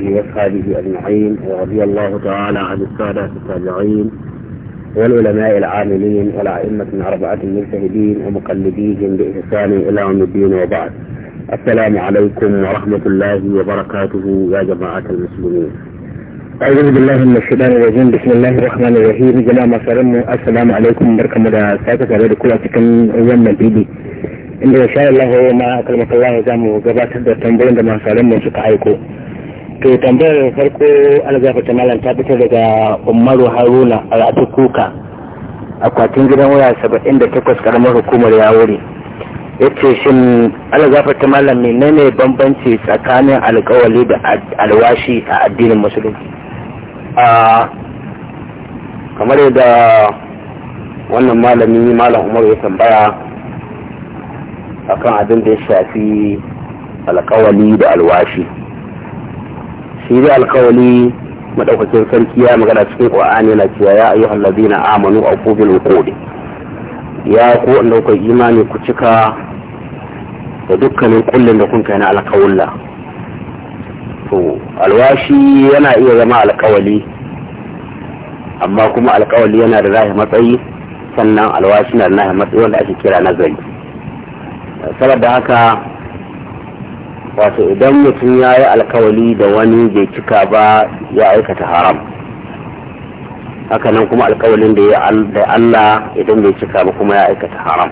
اصحابه أجمعين ورضي الله تعالى عن السادة التابعين والعلماء العاملين والأئمة الأربعة المجتهدين ومقلديهم بإحسان إلى يوم الدين وبعد السلام عليكم ورحمة الله وبركاته يا جماعة المسلمين أعوذ بالله من الشيطان الرجيم بسم الله الرحمن الرحيم جماعة سلام السلام عليكم بركم الله sake على كل kula يوم wannan إن شاء الله Allah ma kalmar Allah za mu gabatar da tambayoyin to tambayar farko algafata malam ta fita daga umaru haruna a ratu kuka akwatin gidan waya saba'in da takwas karamar hukumar ya wuri ya ce shin algafata malam menene bambanci tsakanin alkawali da alwashi a addinin musulunci a kamar yadda wannan malami malam umaru ya tambaya akan abin da ya shafi alkawali da alwashi shi dai alkawali madaukakin sarki ya magana cikin qur'ani yana cewa ya ayyuhal ladina amanu a bil uqud ya ku wanda kuka imani ku cika da dukkanin kullun da kun kai na alkawalla to alwashi yana iya zama alkawali amma kuma alkawali yana da zahi matsayi sannan alwashi na da nahi matsayi wanda ake kira nazari da haka wato idan mutum ya yi alkawali da wani bai cika ba ya aikata haram hakanan kuma alkawalin da ya da Allah idan bai cika ba kuma ya aikata haram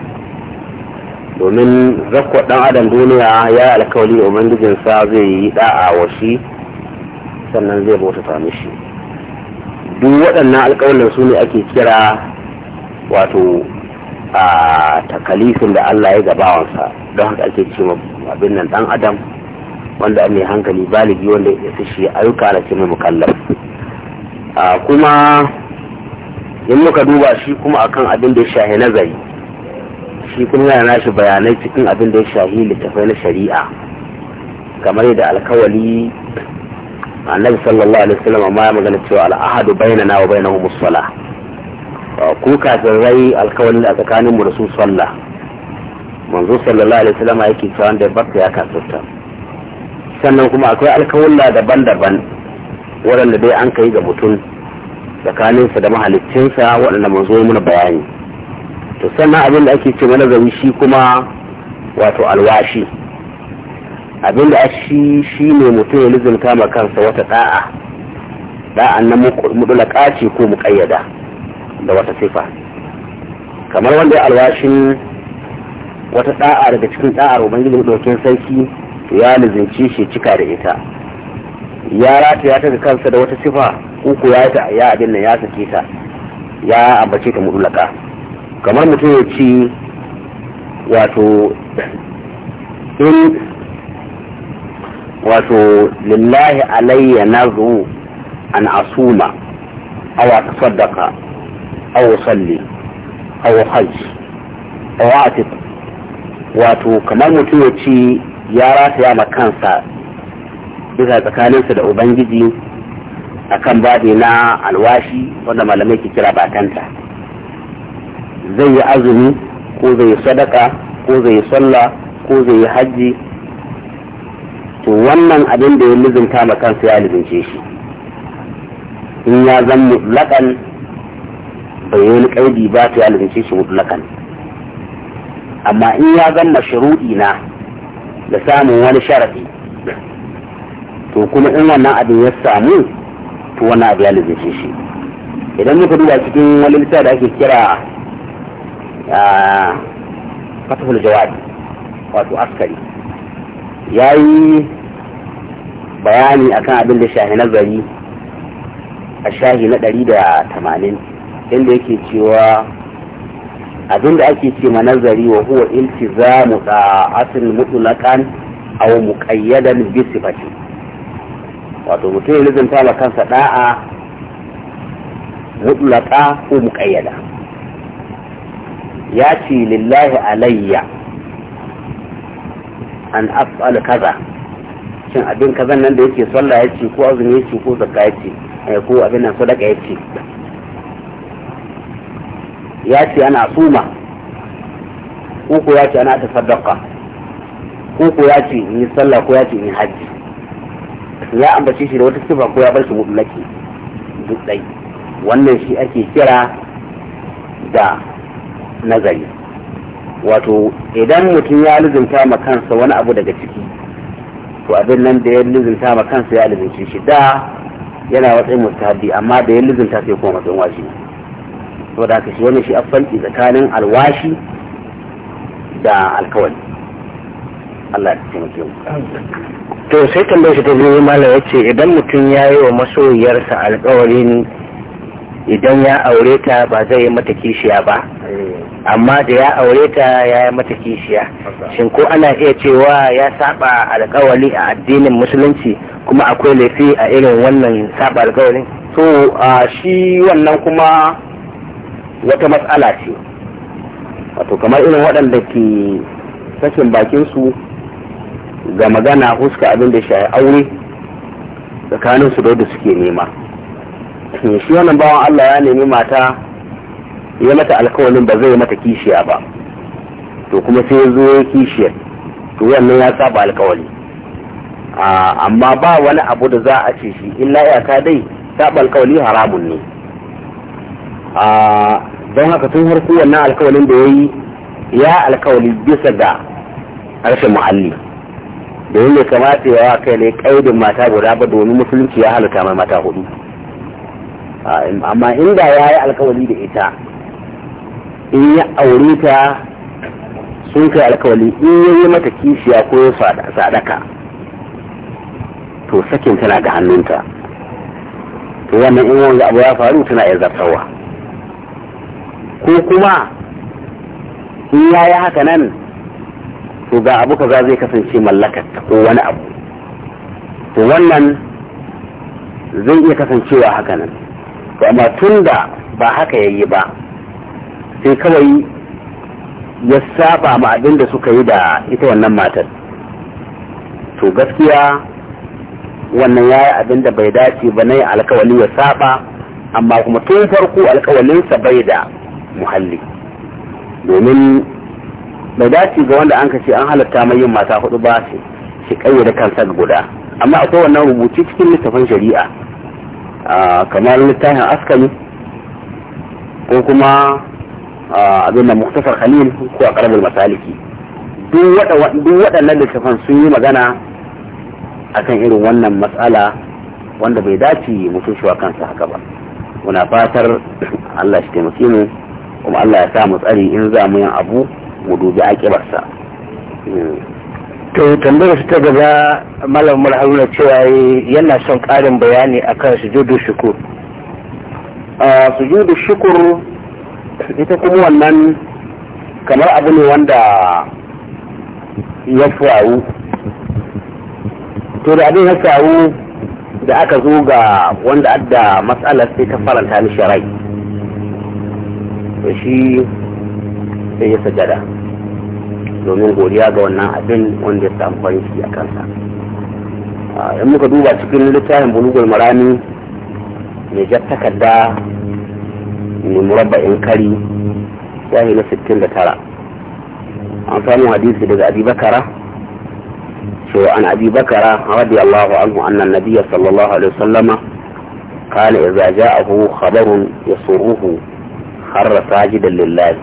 domin zakko dan adam duniya ya yi alkawali da ubangijinsa zai yi da'a wa shi sannan zai bauta ta mishi duk waɗannan alkawalin su ne ake kira wato a takalifin da Allah ya gabawansa don haka ake cewa abin nan dan adam wanda mai hankali baligi wanda ya fi shi ayyuka ana ce mai a kuma in muka duba shi kuma akan abin da ya shahi nazari shi kuma yana nashi bayanai cikin abin da ya shahi littafai na shari'a kamar yadda alkawali annabi sallallahu alaihi wasallam amma ya magana cewa al'ahadu bainana wa bainahum as-salah ku kafirai alkawali a tsakanin mu da su sallah manzo sallallahu alaihi wasallam yake cewa wanda ya barta ya kasuta sannan kuma akwai alkawulla daban-daban waɗanda dai an kai ga mutum tsakaninsa da mahaliccinsa waɗanda manzo ya muna bayani to sannan abin da ake ce mana zawi shi kuma wato alwashi abin da shi shi ne mutum ya lizinta ma kansa wata da'a da'an nan mutulaka ce ko muƙayyada da wata sifa kamar wanda alwashin wata da'a daga cikin da'ar ubangiji dokin sarki ya lizinci shi cika da ita ya rata ya taga kansa da wata sifa uku ya ta ya abin nan ya sake ta ya ambace ta mutulaka kamar mutum ya ci wato in wato lillahi alayya nazu an asuma awa atasaddaqa aw salli aw hajj aw atit wato kamar mutum ya ci ya rataya ma kansa bisa tsakaninsa da ubangiji a kan babi na alwashi wanda malamai ke kira batanta zai yi azumi ko zai yi sadaka ko zai yi sallah ko zai yi hajji to wannan abin da ya lizinta ma kansa ya lizince shi in ya zan mutlakan bai yi wani kaidi ba to ya lizince shi mutlakan amma in ya zan mashruɗi na da samun wani sharafi to kuma in wannan abin ya samu to wannan abu ya lizince shi idan muka duba cikin wani littafi da ake kira fatahul jawadi wato askari ya yi bayani akan abin da shahi nazari a shahi na ɗari da tamanin inda yake cewa abinda ake ce nazari wa huwa iltizamu ta'atin mutlaqan aw muqayyadan bi sifati wato mutum ya lizinta ma kansa da'a mutlaqa ko muqayyada ya ce lillahi alayya an af'al kaza shin abin kazan nan da yake sallah ya ce ko azumi ya ko zakka ya eh, ko abin nan sadaka ya ce ya ce ana suma ko ya ce ana tasaddaqa ko ya ce ni sallah ko ya ce ni hajji ya ambace shi da wata sifa ko ya bar shi mutlaki duk dai wannan shi ake kira da nazari wato idan mutum ya lizinta ma kansa wani abu daga ciki to abin nan da ya lizinta ma kansa ya lizinci shi da yana matsayin mutahaddi amma da ya lizinta sai kuma matsayin wajibi saboda ka shi wannan shi afalki tsakanin alwashi da alkawali. Allah ya taimake mu to sai tambayar shi ta biyu ya yace idan mutum ya yi wa masoyiyarsa ne idan ya aure ta ba zai yi mata kishiya ba amma da ya aure ta ya yi mata kishiya shin ko ana iya cewa ya saba alkawali a addinin musulunci kuma akwai laifi a irin wannan saba alkawalin to shi wannan kuma wata matsala ce wato kamar irin waɗanda ke sakin bakinsu ga magana huska abin da shi aure tsakanin su da suke nema shi wannan bawan Allah ya nemi mata ya mata alkawalin ba zai mata kishiya ba to kuma sai ya zo ya kishiya to wannan ya saba alkawali amma ba wani abu da za a ce shi illa ya dai saba alkawali haramun ne a don haka tun harku wannan alkawalin da ya yi ya alkawali bisa ga harshen muhalli domin bai kamata ya wa kai ne kaidin mata guda ba domin musulunci ya halitta mai mata hudu amma inda ya yi alkawali da ita in ya aure ta sun kai alkawali in ya yi mata kishiya ko ya sadaka to sakin tana ga hannunta to wannan in wanzu abu ya faru tana iya zartarwa ko kuma in ya yi haka nan to ga abu kaza zai kasance mallakar ko wani abu to wannan zai iya kasancewa haka nan to amma tun da ba haka yayi ba sai kawai ya saba ma abin da suka yi da ita wannan matar to gaskiya wannan ya yi abin da bai dace ba na yi alkawali ya saba amma kuma tun farko alkawalinsa bai da muhalli domin bai dace ga wanda an ka ce an halatta mai yin mata hudu ba shi da kansa guda amma akwai wannan rubuci cikin littafin shari'a kamar littafin askari ko kuma abin da muktasar khalil ko a masaliki duk waɗannan littafin sun yi magana akan irin wannan matsala wanda bai dace mutum shi kansa haka ba muna fatar allah shi taimake mu kuma Allah ya sa mu tsari in za mu yin abu mu dubi akibarsa to tambayar ta gaba malam haruna cewa yana son ƙarin bayani akan sujudu shukur a sujudu shukur ita kuma wannan kamar abu ne wanda ya faru to da abin ya faru da aka zo ga wanda adda matsalar sai ta faranta ni sharai to shi sai ya sajada domin godiya ga wannan abin wanda ya samu farin ciki a kansa in muka duba cikin littafin bulugul marami mai jar takarda mai murabba'in kari shahi na 69 an samu hadisi daga abi bakara cewa an abi bakara radiyallahu anhu annan nabiyya sallallahu alaihi wasallama قال إذا جاءه خبر يسره harra da lillahi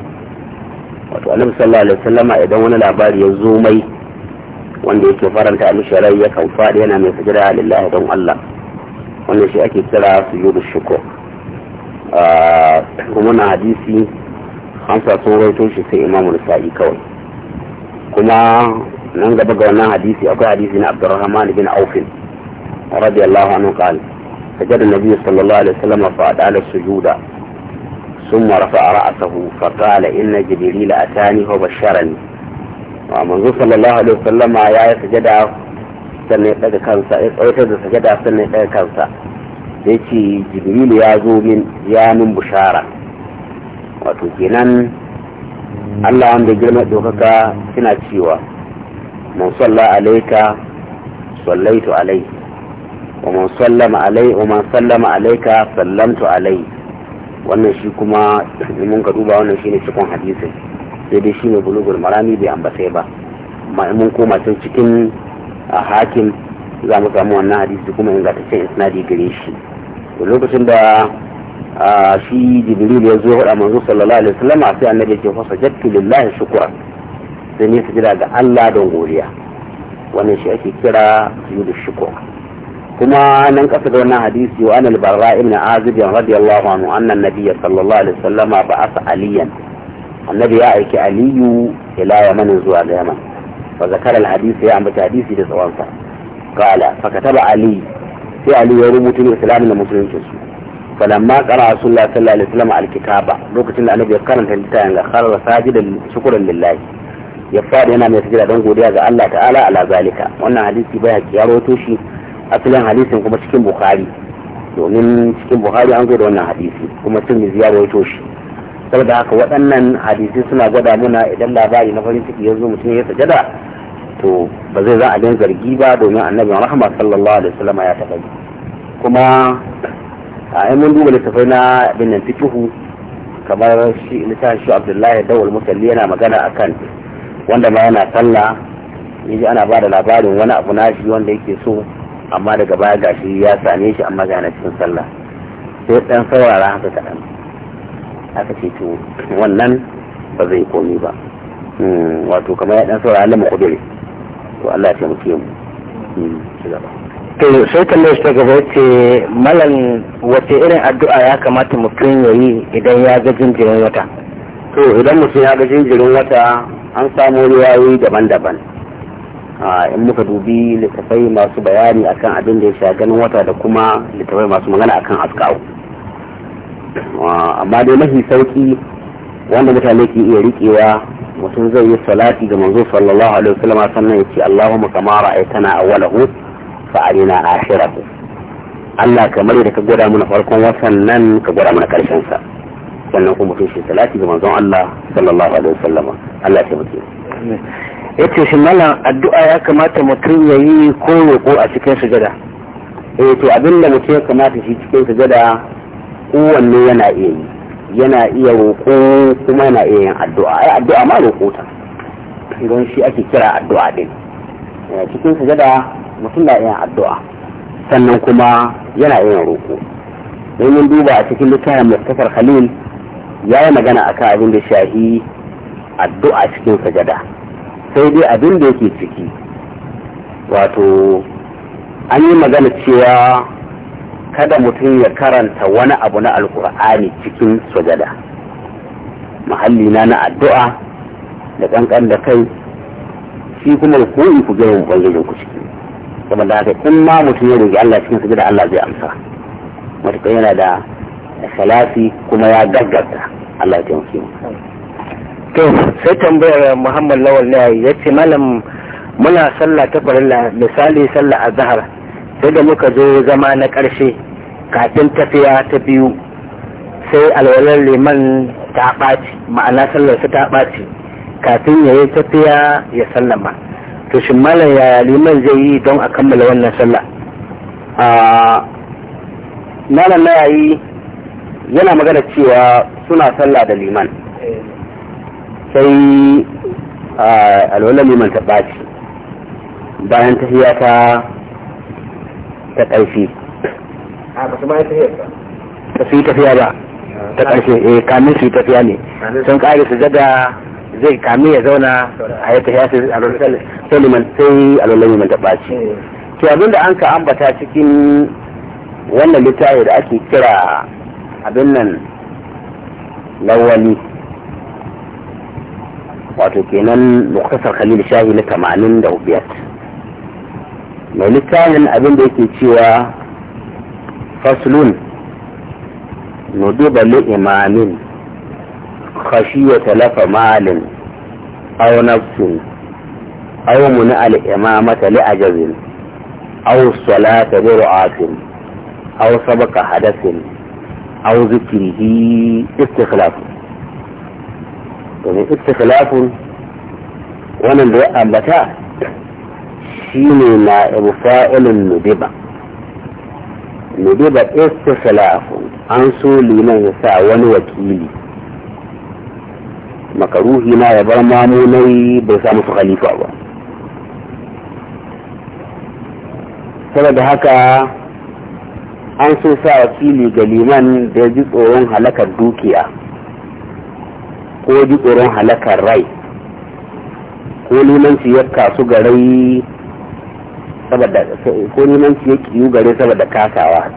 wato annabi sallallahu alaihi wasallama idan wani labari ya zo mai wanda yake faranta mishi rai ya kan faɗi yana mai sajada lillahi don Allah wannan shi ake kira sujudu shukr kuma na hadisi hamsa sun rawaito shi sai imamu nasa'i kawai kuma nan gaba ga wannan hadisi akwai hadisi na abdurrahman bin aufin radiyallahu anhu qala sajada nabi sallallahu alaihi wasallam fa ala sujuda ثم رفع رأسه فقال إن جبريل أتاني وبشرني ومنذ صلى الله عليه وسلم يا سجدا sannan ya ɗaga kansa ya tsaitar da sajada sannan ya ɗaga kansa da ce jibrilu ya zo min ya min bushara wato kenan allah wanda girma ɗaukaka suna cewa man sallama alai sallamtu alai wannan shi kuma mun ka duba wannan shine cikon hadisi sai dai shine bulugul marami bai ambatai ba mun koma can cikin hakim za mu samu wannan hadisi kuma in cikin isnadi gare shi lokacin da shi jibril ya zo hada manzo sallallahu alaihi wasallam sai annabi ya fa jattu lillahi shukra sai ne sujada ga Allah don godiya wannan shi ake kira sujudu shukra kuma nan kasa da wannan hadisi wa anil barra ibn azib radiyallahu anhu anna nabiyya sallallahu alaihi wasallam ba'asa aliyan annabi ya aiki aliyu ila yaman zuwa ga yaman wa zakara alhadisi ya ambata hadisi da tsawon sa qala fa kataba ali sai ali ya rubuta ni islamin da musulunci su falamma qara rasulullah sallallahu alaihi wasallam alkitaba lokacin da annabi ya karanta littafin ga kharra sajidan shukran lillahi ya fara yana mai sujada don godiya ga Allah ta'ala ala zalika wannan hadisi baya ya rawato shi asalin hadisin kuma cikin bukhari domin cikin bukhari an zo da wannan hadisi kuma tirmidhi ya rawaito shi saboda haka waɗannan hadisi suna gwada muna idan labari na farin ciki zo mutum ya sajada to ba zai za a din zargi ba domin annabi rahama sallallahu alaihi wasallam ya taɓa kuma a mun duba littafai na bin nan fikihu kamar shi littafin shi abdullahi dawal musalli yana magana akan wanda ma yana sallah yaji ana ba da labarin wani abu na shi wanda yake so amma daga baya shi ya same shi amma ga cikin sallah sai dan saurara haka kaɗan aka ce to wannan ba zai komi ba hmm, wato kamar ya dan saurara lamu kudure to Allah ya taimake mu hmm, to sai kallon shi ta gaba ce malam wace irin addu'a ya kamata mutum ya yi idan ya ga jinjirin wata to idan mutum ya ga jinjirin wata an samu ruwayoyi daban-daban in muka dubi littafai masu bayani akan abin da ya sha ganin wata da kuma littafai masu magana akan askawo amma dai mafi sauki wanda mutane ke iya riƙewa mutum zai yi salati ga manzo sallallahu alaihi wasallam sannan ya ce Allahumma kama ra'aytana awwalahu fa arina akhirahu Allah kamar yadda ka gwada mana farkon watan nan ka gwada mana karshen sa sannan kuma mutum shi salati ga manzon Allah sallallahu alaihi wasallam Allah ya taimake mu ya ce shi malam addu'a ya kamata mutum ya yi ko roƙo a cikin sujada eh to abin da mutum ya kamata shi cikin sujada kowanne yana iya yi yana iya roƙo kuma yana iya yin addu'a ai addu'a ma roƙo ta don shi ake kira addu'a din eh, cikin sujada mutum na iya addu'a sannan kuma yana iya roƙo don mun duba a cikin littafin mustafar khalil ya yi magana akan abin da shahi addu'a cikin sujada sai dai abin da yake ciki wato an yi magana cewa kada mutum ya karanta wani abu na alkur'ani cikin sujada mahalli na na addu'a da ƙanƙan da kai shi kuma ku yi ku gaya ubangijin ku ciki da haka kun ma mutum ya rage Allah cikin sujada Allah zai amsa matuƙa yana da salafi kuma ya gaggata Allah ya taimake mu to sai tambayar muhammad lawal ne ya ce malam muna sallah ta farilla misali sallah a zahar sai da muka zo zama na ƙarshe kafin tafiya ta biyu sai alwalar liman ta ɓaci ma'ana sallar su ta ɓaci kafin ya yi tafiya ya sallama to shi malam yaya liman zai yi don a kammala wannan sallah malam na yayi yana magana cewa suna sallah da liman eh. sai alwala liman ta ɓaci bayan tafiya ta ta ƙarfi a ba su bayan tafiya ba su yi tafiya ba ta ƙarshe eh kamin su yi tafiya ne sun ƙari su daga zai kamin ya zauna a ya tafiya sai alwala liman ta ɓaci eh. to abin da an ka ambata cikin wannan littafi da ake kira abin nan lawali wato kenan muktasar khalil shahi na tamanin da biyar mai littafin abin da yake cewa faslun nuduba li imamin khashiya talafa malin aw nafsin aw muni al imamata li ajazin aw salata bi ru'atin aw sabaqa hadathin aw zikrihi istikhlafu domin istikhlafun wannan da ya ambata shi ne na mufa'ilin nudiba nudiba istikhlafun an so liman ya sa wani wakili makaruhi na ya bar mamunai bai samu su khalifa ba saboda haka an so sa wakili ga liman da ya ji tsoron halakar dukiya ko ji tsoron halakar rai ko limanci ya kasu garai saboda ko limanci ya kiyu gare saboda kasawa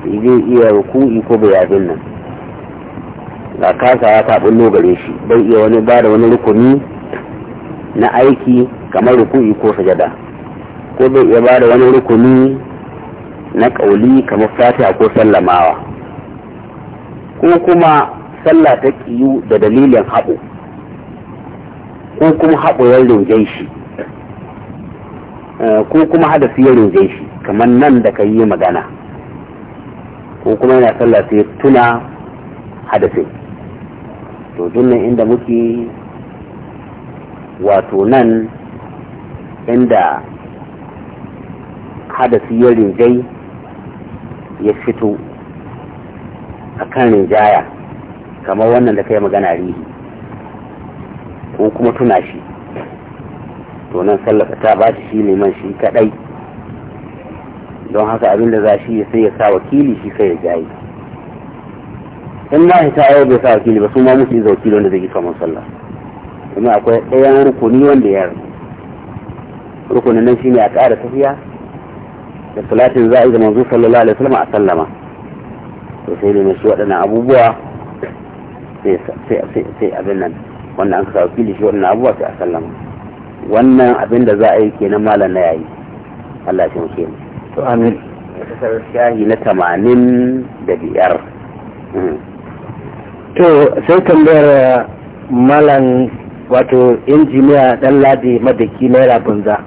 zai iya ruku'i ko bayanin nan ga kasawa ta bullo gare shi bai iya wani ba da wani rukuni na aiki kamar ruku'i ko sajada ko bai iya ba da wani rukuni na ƙauli kamar fatiha ko sallamawa ko kuma sallah ta kiyu da dalilin haɓo ko kuma haɓo ya rinjai shi eh, ko kuma hadafi ya rungen shi kamar nan da ka yi magana ko kuma yana sallah sai tuna hadafin to dunnan inda muke wato nan inda hadasi ya rinjai ya fito a kan rinjaya kamar wannan da kai magana rihi ko kuma tuna shi to nan sallaka ta ba shi neman shi kadai don haka abin da za shi ya sai ya sa wakili shi sai ya jayi in na ta yau bai sa wakili ba su ma musu iza wakili wanda zai yi kamar sallah kuma akwai ɗayan rukuni wanda ya rukunin nan shine a ƙara tafiya da salatin za'i da manzo sallallahu alaihi wasallam a sallama to sai ne shi waɗannan abubuwa sai abin nan wanda an kawo shi wannan abuwa sai a sallama wannan abin da za a yi kenan malam na yayi Allah shi muke to amin kasar shahi na tamanin da biyar hmm. to sai tambayar uh, malam wato injiniya dan ladi madaki naira bunza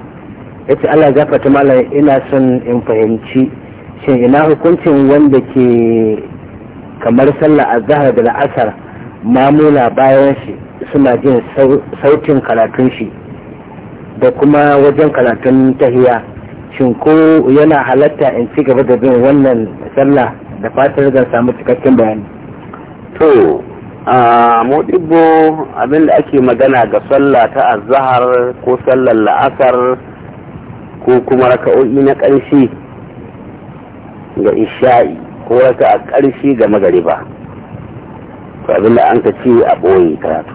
ya ce Allah gafata malam ina son in fahimci shin ina hukuncin wanda ke kamar sallah azhar da la'asar mamuna bayan shi suna jin sautin karatun shi da kuma wajen karatun tahiya shin ko yana halatta in ci gaba da bin wannan sallah da fatar zan samu cikakken bayani to a modibo abin da ake magana ga sallah ta azahar ko sallar la'asar ko kuma raka'o'i na ƙarshe ga isha'i ko raka a ƙarshe ga magariba to abin da an ka ce a ɓoye karatu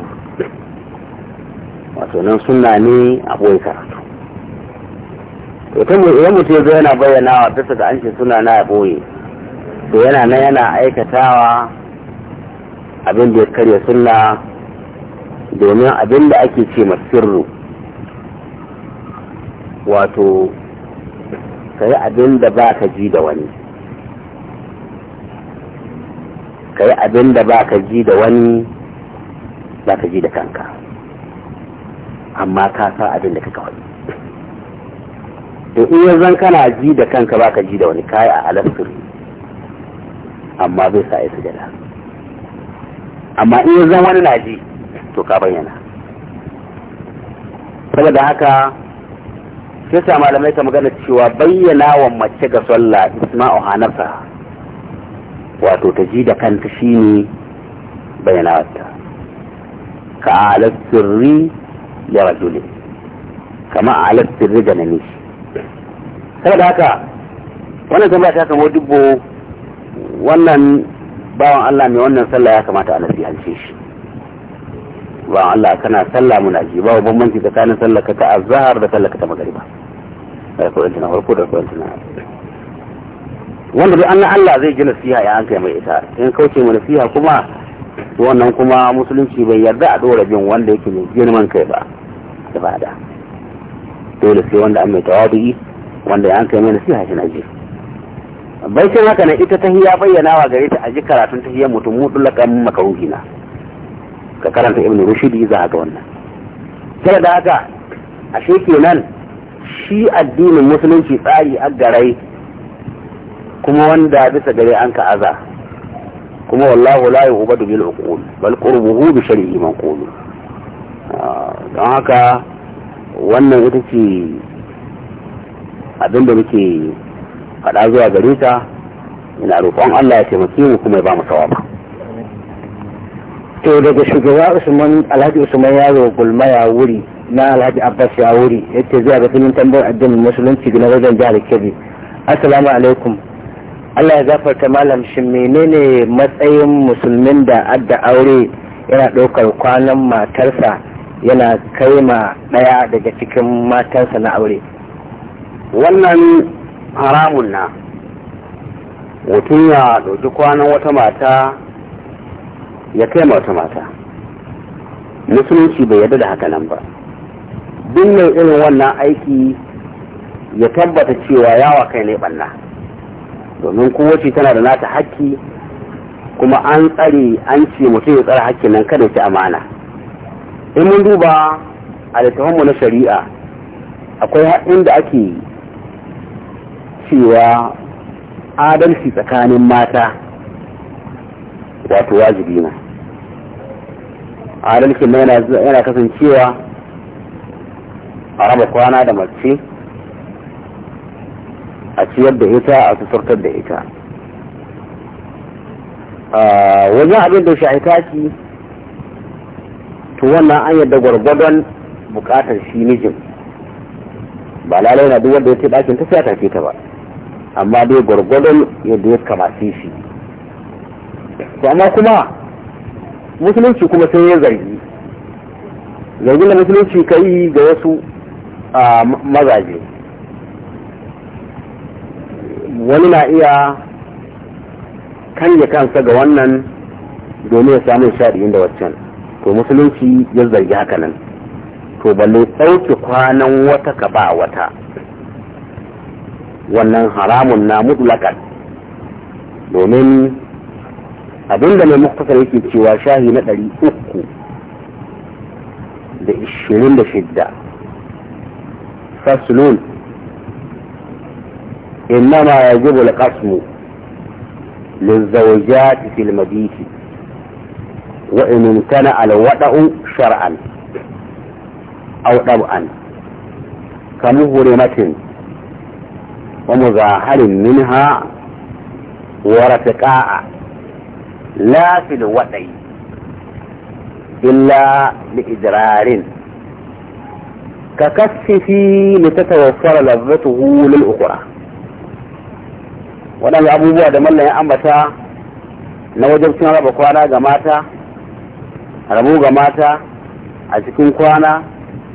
wato nan suna ne a ɓoye karatu to ta idan mutum ya zo yana wa bisa ga an ce suna na a ɓoye to yana na yana aikatawa abin da ya karya suna domin abin da ake ce masirru wato ka yi abin da ba ka ji da wani ka yi abin da ba ka ji da wani ba ka ji da kanka amma ka sa abin da ka kawai to in yanzu kana ji da kanka ba ka ji da wani kayi a alasir amma bai sa ya sujada amma in yanzu wani na ji to ka bayyana saboda haka sai sa malamai ta magana cewa bayyana wa mace ga sallah isma'u hanafa wato ta ji da kanta shi shine bayanata ka alat sirri da rajuli kama alat sirri da namiji da haka wannan tambaya ta kama dubbo wannan bawan Allah mai wannan sallah ya kamata a nasihalce shi bawan Allah kana sallah muna ji babu bambanci tsakanin sallah ka ta azhar da sallah ka ta magariba da kuɗin tunan farko da kuɗin tunan wanda duk annan Allah zai gina siya ya an kai mai ita in kauce mana siya kuma wannan kuma musulunci bai yarda a dora bin wanda yake mai girman kai ba ibada dole sai wanda an mai tawadi wanda ya an kai mai nasiha shi na ji ce haka ne ita tahiya bayyana wa gare ta a ji karatun tahiyar mutum mutulakan makaruhi na ka karanta ibn rushdi za ga wannan kira da haka ashe kenan shi addinin musulunci tsari garai kuma wanda bisa gare an ka aza kuma wallahu la yu'badu bil uqul bal qurbuhu bi shar'i manqul ah, don haka wannan ita ce abinda muke faɗa zuwa gare ta ina roƙon Allah ya taimake mu kuma ya ba mu sawaba to daga shugaba Usman Alhaji Usman yaro gulma ya wuri na Alhaji Abbas ya wuri yace zuwa ga filin tambayar addinin musulunci na wajen jihar Kebbi assalamu alaikum Allah ya zafarta malam shi menene matsayin musulmin da adda aure yana ɗaukar kwanan matarsa yana kai ma ɗaya daga cikin matarsa na aure wannan haramun na mutum ya ɗauki kwanan wata mata ya kai ma wata mata musulunci bai yarda da haka nan ba duk irin wannan aiki ya tabbata cewa yawa kai ne ɓanna domin kowace tana da nata hakki kuma an tsare an ce mutum ya tsara hakkin nan kada ci amana in mun duba a littafinmu na shari'a akwai haɗin da ake cewa adalci tsakanin mata wato wajibi na adalci yana kasancewa a raba kwana da mace a ciyar da ita a suturtar da ita wajen abin da shi taki to wannan an yadda gwargwadon bukatar shi mijin ba lalai na duwar da ya ce ɗakin ta sai a ta ba amma dai gwargwadon yadda ya kamace shi to amma kuma musulunci kuma sai ya zargi zargin da musulunci ka yi ga wasu a mazaje wani na iya kanye kansa ga wannan domin ya samu shaɗi da waccan to musulunci ya zargi haka nan to balle tsauki kwanan wata ka ba wata wannan haramun na mutlakan domin abinda mai muktasar yake cewa shahi na ɗari uku da ishirin da shidda fasulun إنما يجب القسم للزوجات في المبيت وإن امتنع الوضع شرعا أو طبعا كمهرمة ومظاهر منها ورتقاء لا في الوضع إلا بإدرار ككف لتتوفر لذته للأخرى waɗanda abubuwa da mallan ya ambata na wajen sun raba kwana ga mata rabu ga mata a cikin kwana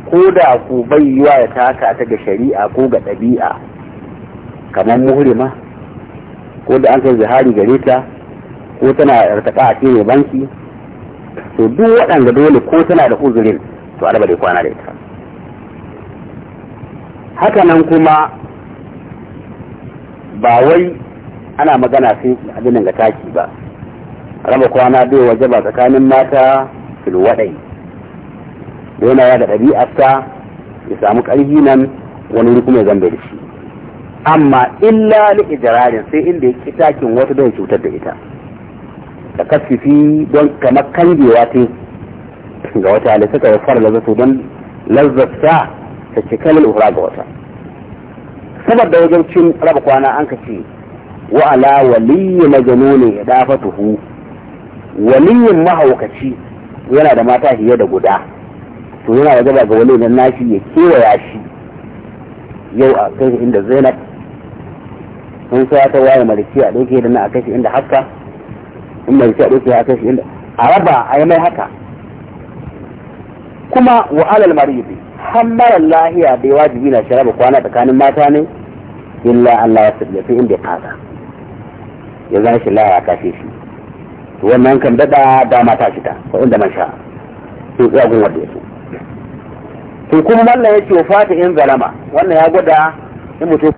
ko da ku bayyuwa ya taka ta ga shari'a ko ga ɗabi'a kamar muhrima ko da an kai zahari gare ta ko tana rataka a cikin banki to duk waɗanda dole ko tana da uzurin to araba da kwana da ita haka nan kuma ba wai ana magana sai abinin ga taki ba raba kwana bai waje ba tsakanin mata filwaɗai yana ya da ɗabi'arsa ya samu ƙarfi nan wani wuri kuma zambe da shi amma illa li ijirarin sai inda ya ki takin wata don cutar da ita da kasfifi don kamar kangewa ta ga wata halitta ta fara lazzatu don lazzata ta cika lil ga wata saboda wajen cin raba kwana an ka ce wa ala waliyyi majnun idafatuhu waliyin mahaukaci yana da mata fiye da guda to yana da gaba ga wani nan nashi ya kewaya shi yau a kai inda zainab sun sa ta waye malikiya a yake da na a inda haka in maliki a ɗauke a kai inda a raba a yi mai haka kuma wa alal maridi har lahiya bai wajibi na sharaba kwana tsakanin mata ne illa Allah ya sabbi inda ya kaza ya zama shi laya ta shi to wannan kan dada dama ta fita ko inda man sha to ya gun wanda yake to kuma mallan ce wa fata in zalama wannan ya gwada in mutum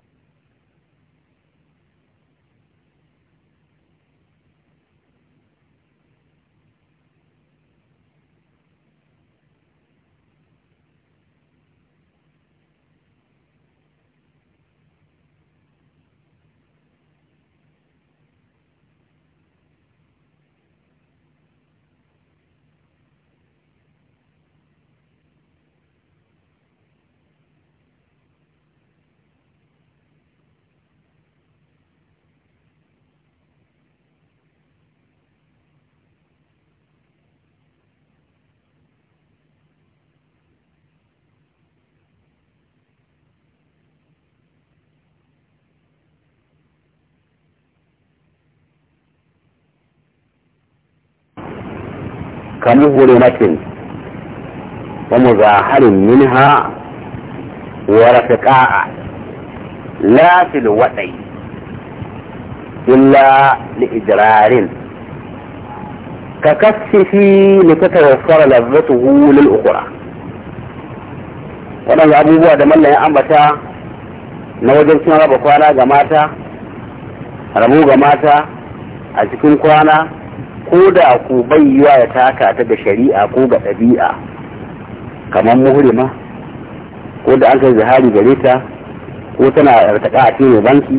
كمهلمة ومظاهر منها ورفقاء لا في الوضع إلا لإجرار ككسه لتتوفر لذته للأخرى waɗanda abubuwa da mallan ya ambata na wajen sun raba kwana ga mata rabu ga mata a cikin kwana ko da ku bai yiwa ya taka ta da shari'a ko ga ɗabi'a kamar muhrima ko da an kai zahari gare ta ko tana yartaka a cikin banki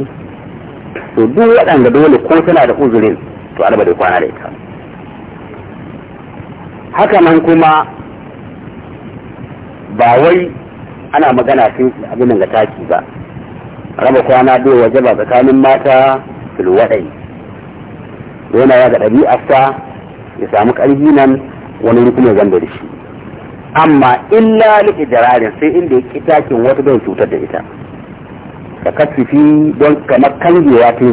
to duk waɗanda dole ko tana da uzurin to alba da kwana da ita haka nan kuma ba wai ana magana cikin abin da taki ba raba kwana dole waje ba tsakanin mata filwaɗai yana yaga ɗabi'arsa ya samu ƙarfi nan wani wuri kuma ya da shi amma illa liƙi jararin sai inda ya kitakin wata don cutar da ita ka kacifi don kamar kangewa ta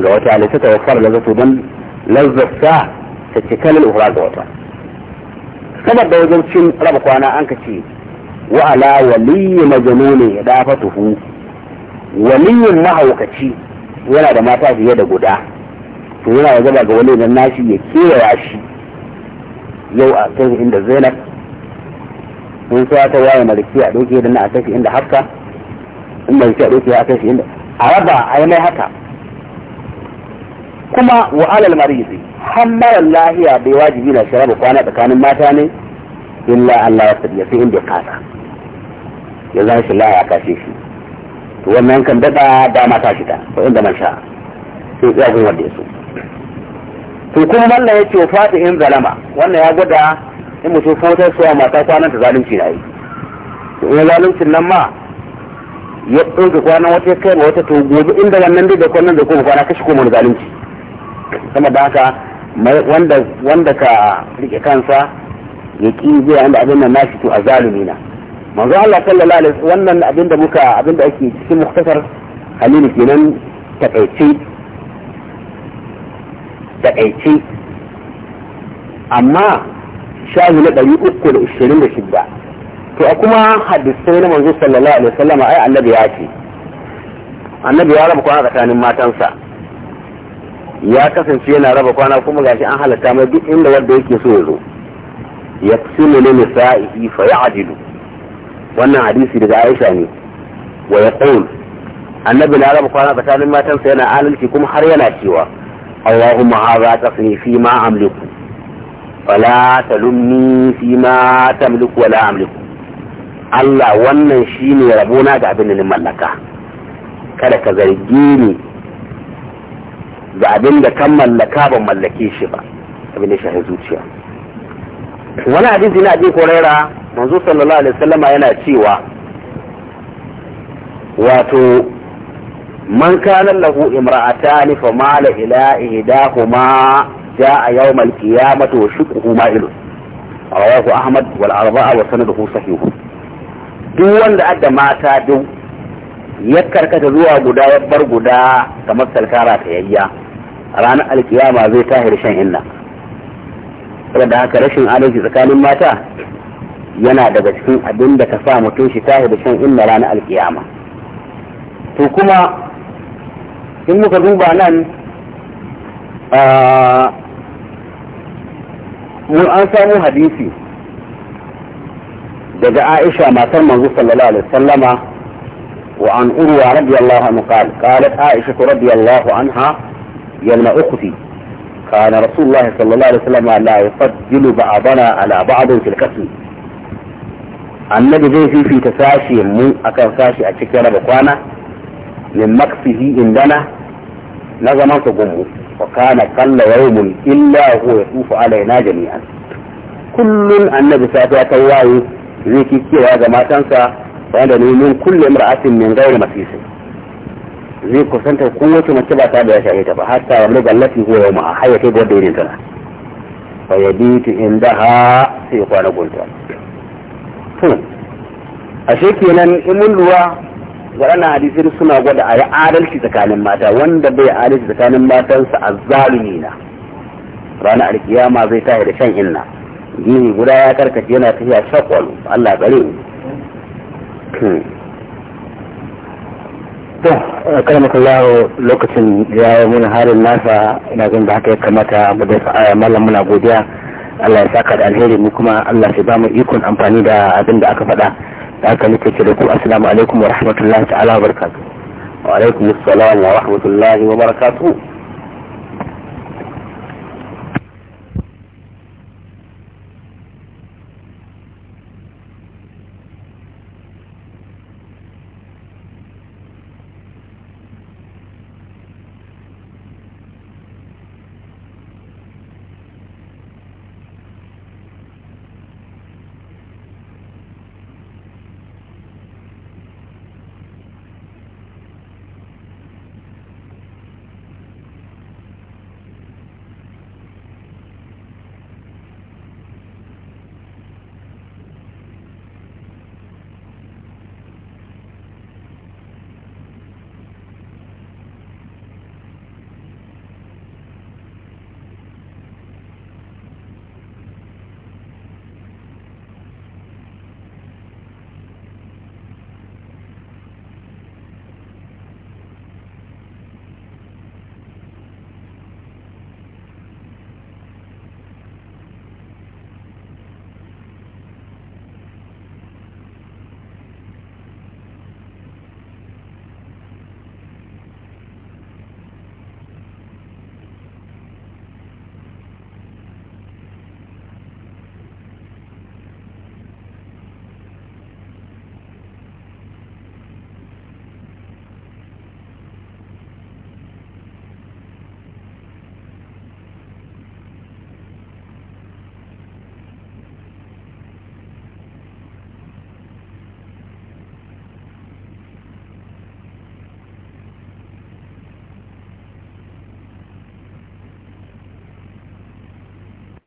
ga wata halitta ta da zato don lazzarsa ta cika lalura ga wata sabar da wajen cin raba kwana an ka ce wa ala waliyyi majnuni ya dafa tuhu waliyin mahaukaci yana da mata fiye da guda to yana wajaba ga wani nan nashi ya kewaya shi yau a kai inda zainab in sai ta waye maliki a doke da na a kai inda haka in maliki a doke a kai inda a raba a yi mai haka kuma wa alal maridi har mara lahiya bai wajibi na shi kwana tsakanin mata ne illa Allah ya sadiya sai inda kasa ya zan shi lahiya kashe shi to wannan kan daɗa dama ta shida ko inda man sha sai ya gun wanda ya so to kuma wannan ya ce fata in zalama wannan ya gwada in mutum fotar suwa mata kwanan ta zalunci na yi to in zaluncin nan ma ya ɗauke kwanan wata ya kai ma wata to gobe inda wannan duk da kwanan da kuma kwana kashi kuma zalunci sama da haka wanda wanda ka rike kansa ya ki biya inda abin nan nashi to a zalumi na manzo Allah sallallahu alaihi wannan abin da muka abin da ake cikin muktasar halin kenan takaice takaice amma shahi na ɗari uku da ishirin da shidda to a kuma hadisai na manzo sallallahu alaihi wasallam ai annabi ya ce annabi ya raba kwana tsakanin matansa ya kasance yana raba kwana kuma gashi an halatta mai duk inda wanda yake so ya zo ya kusilu ne nisa'ihi fa ya'dilu wannan hadisi daga Aisha ne wa yaqul annabi na raba kwana tsakanin matansa yana alalci kuma har yana cewa اللهم هذا تصني فيما أملك فلا تلمني فيما تملك ولا أملك Allah wannan shi ne rabona ga abin da ni mallaka kada ka zargi ni ga abin da kan mallaka ban mallake shi ba abin da shahi zuciya wani hadisi na abin korera manzo sallallahu alaihi wasallama yana cewa wato man kana lahu imra'atani fa mala ila ihdahuma jaa yawm al-qiyamati wa shuqquhu ma'ilun rawahu ahmad wal arba'a wa sanaduhu sahih duk wanda adda mata duk ya karkata zuwa guda ya bar guda kamar salkara ta yayya ranar alkiyama zai tahir shan inna saboda haka rashin adalci tsakanin mata yana daga cikin abinda da ka sa mutum shi tahir shan ina ranar alkiyama to kuma in muka duba nan mun an samu hadisi daga aisha matar manzo sallallahu alaihi wasallama wa an urwa radiyallahu anhu qala qalat aisha radiyallahu anha yalma ukhti كان رسول الله صلى الله عليه وسلم لا يفضل بعضنا على بعض في الكسب annabi zai fifita sashe mu akan sashe a cikin raba kwana min maksihi indana na zaman su gunmu wa kana kalla yawmun illa huwa yatufu alaina jami'an kullun annabi ya kai waye zai kikewa ga matansa wanda ne min kullu imra'atin min ghairi masisin zai kusanta kowace mace ba ta da ya shahe ta ba hatta ya mulga lati hayya kai gwada irin tana fa yabitu sai kwana gunta to ashe kenan in mun lura waɗannan hadisi suna gwada a yi adalci tsakanin mata wanda bai adalci tsakanin matansa a zalumi na ranar alkiyama zai tahi da shan inna gini guda ya karkace yana tafiya shakwal Allah gare mu to kalmar Allah lokacin ya yi muna harin nasa ina zan da haka ya kamata mu da mallam muna godiya Allah ya saka da alheri mu kuma Allah ya ba mu ikon amfani da abin da aka faɗa haka muke ce da ku assalamu alaikum wa rahmatullahi ta'ala wa barakatuh wa alaikum assalam wa rahmatullahi wa barakatuh